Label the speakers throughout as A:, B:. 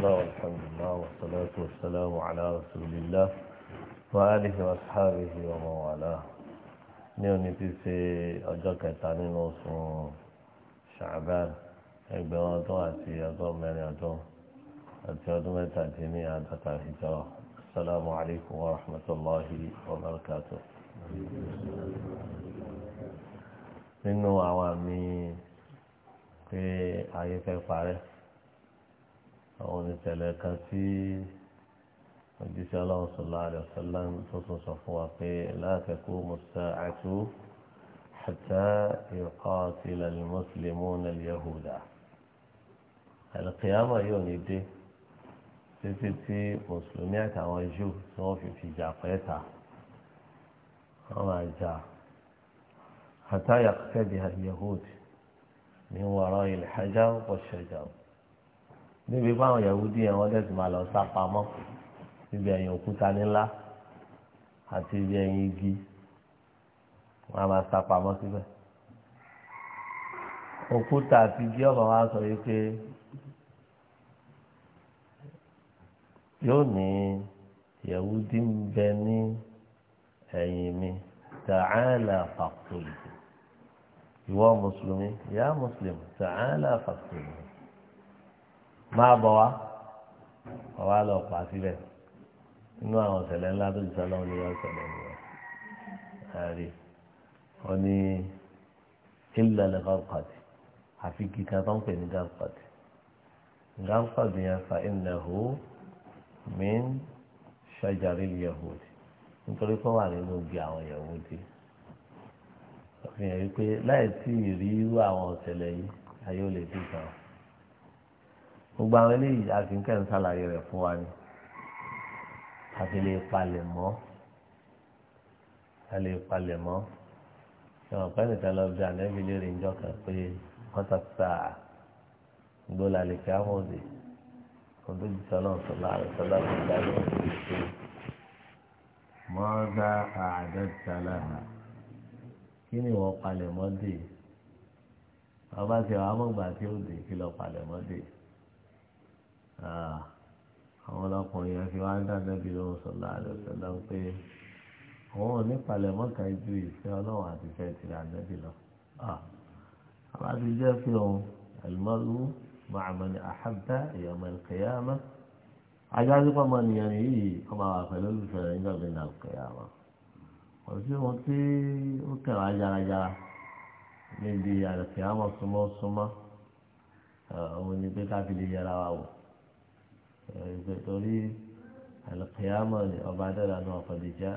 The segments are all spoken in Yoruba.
A: الله والحمد لله والصلاة والسلام على رسول الله وآله وأصحابه ومن والاه ní òní ti ṣe ọjọ́ kẹta nínú oṣù ṣàbẹ́r ẹgbẹ̀rún ọdún àti ọdún mẹ́rin ọdún àti ọdún mẹ́tàdínní àádọ́ta ìjọba asalaamu alaykum wa rahmatulahi wa barakatu. nínú àwọn àmì pé ayé fẹ́ parẹ́. àwọn ìṣẹ̀lẹ̀ kan tí ojosi aláwọ̀ sọ̀lá rẹ̀ sọ́lá tó tún sọ fún wa pé láàkẹ́kọ̀ọ́ musa àtú iko حتى يقاتل المسلمون اليهود القيامة ní dé títí tí mùsùlùmí àtàwọn jù tí wọ́n fi fi jà pẹ́ta wọ́n máa jà àtàyà kẹ́bi yahud ní wàrà ilẹ̀ hajj wọ́n ṣẹjà o. níbi báwọn Yahudi yẹn wọ́n tẹ̀sí máa lọ sá pamọ́ níbi ẹ̀yìn òkúta nílá àti ibi ẹ̀yìn igi wọ́n á máa sá pamọ́ síbẹ̀. òkúta àti igi ọ̀bà wa sọ yìí pé yóò ní Yahudi ń bẹ ní ẹ̀yìn mi tààlà fàkùlù ìwọ mùsùlùmí yá mùsùlùmí tààlà fàkùlù máa bọ̀ wá ọ̀wá lọ pa síbẹ̀ nínú àwọn ọ̀sẹ̀lẹ̀ ńlá tó ti sọ́nà oníyà ọ̀sẹ̀lẹ̀ ni wọ́n ààrẹ ọ ní ìlàlẹ̀ gàlùkàtì àfi kíkà tó ń pè ní gàlùkàtì gàlùkàtì yẹn fa ìnáwó min ṣàjàrí yahudi nítorí pé wà nínú ibi àwọn yahudi òfin yẹn wípé láì tí ì àwọn ọ̀sẹ̀lẹ̀ yìí ayé ò lè dùn gbogbo àwọn eléyìí àfikẹ́ ń ṣàlàyé rẹ̀ fún wa ni àfi lè palẹ̀ mọ́ a lè palẹ̀ mọ́ ìwọ̀n pẹ́ nìkan lọ bí ànẹ́bí lè rìn jọ kan pé wọ́n ta sáà gbọ́dọ̀ lè fi àwọn òde kò tó di sọ́nà sọ́lá rẹ̀ sọ́lá rẹ̀ sọ́lá rẹ̀ sọ́lá rẹ̀ mọ́ọ́dá àádọ́ta lára kí ni wọ́n palẹ̀ mọ́ dé ọba tí wàá mọ̀gbà tí ó dé kí lọ palẹ̀ mọ́ dé. Ah, àwọn ọlọ́kùnrin yẹn fi wá ń dáná bí lóhùn sọ̀lá àdọ̀sọ̀lá pé àwọn ò ní palẹ̀ mọ́ka ju ìfẹ́ ọlọ́run àti ìfẹ́ tìrẹ ànábì lọ. àbá ah, ti jẹ́ pé òun àlùmọ́lù màmá ni àhábá ìyàmọ̀ ìkẹyàmọ́ ajá sí pọ́nmọ́ nìyẹn nìyí ọmọ àwọn àpẹẹrẹ olùfẹ́ rẹ̀ nígbà gbẹ̀dà ìkẹyàmọ́. ọ̀sẹ̀ wọn tí ó kẹwàá ayárayára níbi àlùkẹyàmọ́ súnmọ́ súnmọ́ ah, ìgbẹ́tọ̀rí àlùkìyàmọ̀ ni ọba dára náà fọdíjà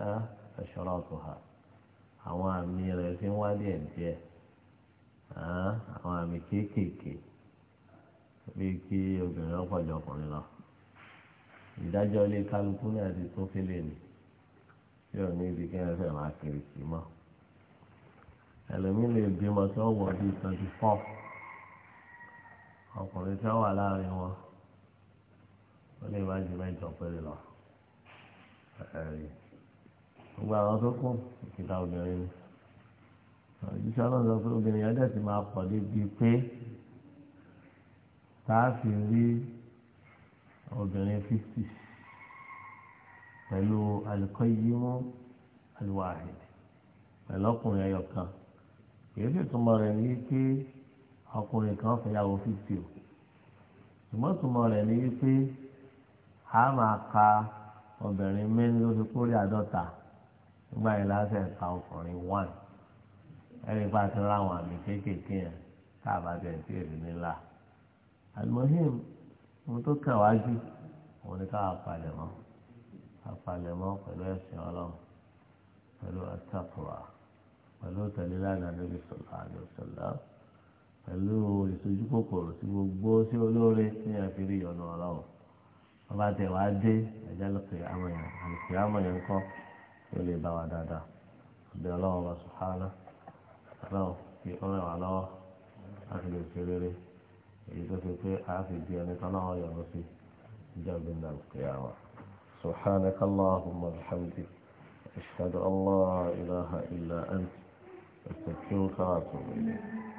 A: ẹ̀ṣọ́rọ̀ ọ̀tọ̀ ha àwọn àmì rẹ̀ fi ń wá díẹ̀ díẹ̀ àwọn àmì kéékèèké bíi kí obìnrin ọ̀pọ̀jọ ọkùnrin lọ ìdájọ́ ilé kálukú ní àti tó fẹ́lẹ̀ ni tí ò ní ibi kẹ́hìn fẹ́ máa kiri sí mọ́ ẹlòmíì lè bímọ tí wọ́n bíi twenty four ọkùnrin tí wà láàrin wọn ó lè wá ju mẹ́jọ péré lọ gbogbo àwọn tó kù ìkìlá obìnrin ni òjíṣẹ́ ọlọ́run sọ pé obìnrin yẹn dẹ̀ ti máa pọ̀ débi pé tá a fi rí obìnrin fifty pẹ̀lú alikọ́yímú aliwahid pẹ̀lú ọkùnrin ẹyọ kan èyí sì túmọ̀ rẹ̀ ní pé ọkùnrin kan fẹ́yàwó fifty o ìmọ̀túmọ̀ rẹ̀ ní pé a máa ka obìnrin mélòó ló fi kórè àádọ́ta nígbà yẹn láti ẹ̀ka ọkùnrin one ẹni pa ti ra àwọn àmì kéékèèké yẹn tá a bá tẹ̀ tí èrè nílá àlùmọ́hìm ohun tó kàn wájú òun ni ká palẹ̀ mọ́ palẹ̀ mọ́ pẹ̀lú ẹ̀sìn ọlọ́run pẹ̀lú àtàkùrà pẹ̀lú tẹ̀lélànà níbi sọ̀lá àdìo sọ̀lá pẹ̀lú ìsojú kòkòrò sí gbogbo sí olóore ní àfi rí ìyọnu ọlọ́run wọ́n bá tẹ̀ wá dé ẹ̀jẹ̀ lọ́pẹ̀ àwọn èèyàn àlùkò àwọn èèyàn kọ́ ló lè bá wa dáadáa ọ̀dẹ̀ ọlọ́run wa sùhánà ọlọ́run fi ọ̀rẹ́ wa lọ́wọ́ láti lè ṣe rere èyí tó fi pé a fi di ẹni tán náà yọ̀rọ̀ sí ìjọba ìdàlùkè àwọn سبحانك اللهم وبحمدك أشهد أن لا إله إلا أنت أستغفرك وأتوب إليك